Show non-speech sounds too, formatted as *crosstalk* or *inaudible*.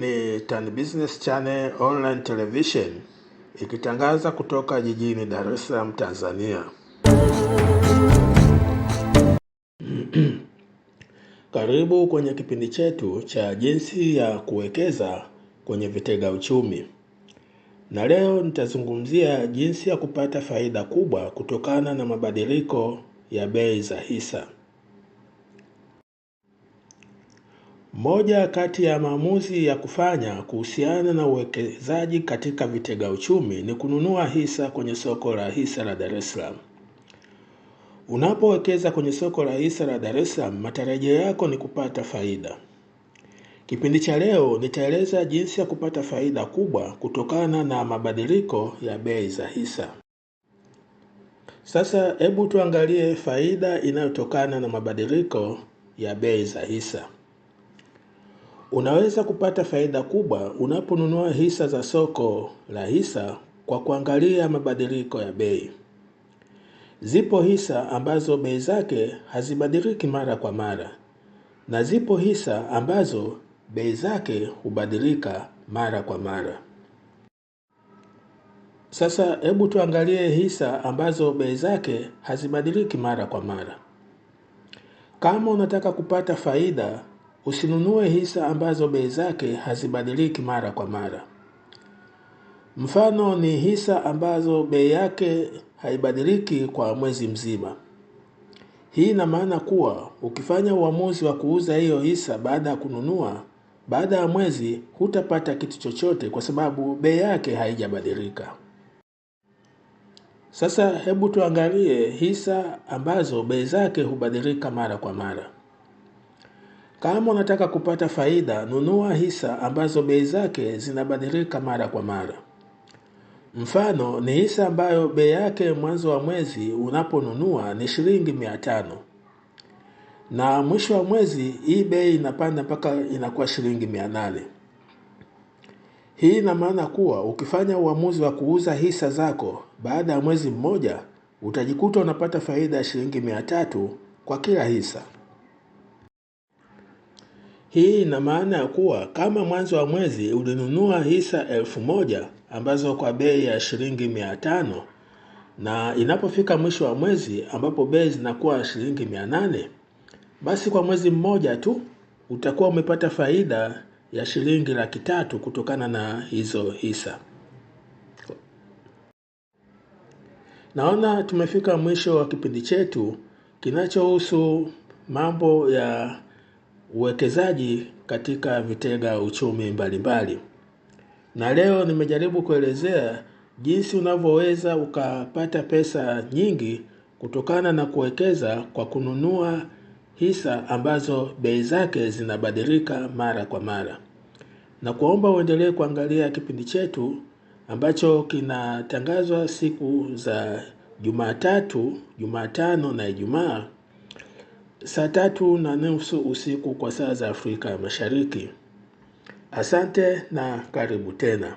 ni Tan Business Channel Online Television ikitangaza kutoka jijini Dar es Salaam, Tanzania. *clears throat* Karibu kwenye kipindi chetu cha jinsi ya kuwekeza kwenye vitega uchumi. Na leo nitazungumzia jinsi ya kupata faida kubwa kutokana na mabadiliko ya bei za hisa. Moja kati ya maamuzi ya kufanya kuhusiana na uwekezaji katika vitega uchumi ni kununua hisa kwenye soko la hisa la Dar es Salaam. Unapowekeza kwenye soko la hisa la Dar es Salaam, matarajio yako ni kupata faida. Kipindi cha leo nitaeleza jinsi ya kupata faida kubwa kutokana na mabadiliko ya bei za hisa. Sasa hebu tuangalie faida inayotokana na mabadiliko ya bei za hisa. Unaweza kupata faida kubwa unaponunua hisa za soko la hisa kwa kuangalia mabadiliko ya bei. Zipo hisa ambazo bei zake hazibadiliki mara kwa mara na zipo hisa ambazo bei zake hubadilika mara kwa mara. Sasa hebu tuangalie hisa ambazo bei zake hazibadiliki mara kwa mara. Kama unataka kupata faida Usinunue hisa ambazo bei zake hazibadiliki mara kwa mara. Mfano ni hisa ambazo bei yake haibadiliki kwa mwezi mzima. Hii ina maana kuwa ukifanya uamuzi wa kuuza hiyo hisa baada ya kununua, baada ya mwezi hutapata kitu chochote kwa sababu bei yake haijabadilika. Sasa hebu tuangalie hisa ambazo bei zake hubadilika mara kwa mara. Kama unataka kupata faida, nunua hisa ambazo bei zake zinabadilika mara kwa mara. Mfano ni hisa ambayo bei yake mwanzo wa mwezi unaponunua ni shilingi mia tano na mwisho wa mwezi hii bei inapanda mpaka inakuwa shilingi mia nane. Hii ina maana kuwa ukifanya uamuzi wa kuuza hisa zako baada ya mwezi mmoja utajikuta unapata faida ya shilingi mia tatu kwa kila hisa. Hii ina maana ya kuwa kama mwanzo wa mwezi ulinunua hisa elfu moja ambazo kwa bei ya shilingi mia tano na inapofika mwisho wa mwezi ambapo bei zinakuwa shilingi mia nane basi kwa mwezi mmoja tu utakuwa umepata faida ya shilingi laki tatu kutokana na hizo hisa. Naona tumefika mwisho wa kipindi chetu kinachohusu mambo ya uwekezaji katika vitega uchumi mbalimbali mbali. Na leo nimejaribu kuelezea jinsi unavyoweza ukapata pesa nyingi kutokana na kuwekeza kwa kununua hisa ambazo bei zake zinabadilika mara kwa mara. Na kuomba uendelee kuangalia kipindi chetu ambacho kinatangazwa siku za Jumatatu, Jumatano na Ijumaa saa tatu na nusu usiku kwa saa za Afrika Mashariki. Asante na karibu tena.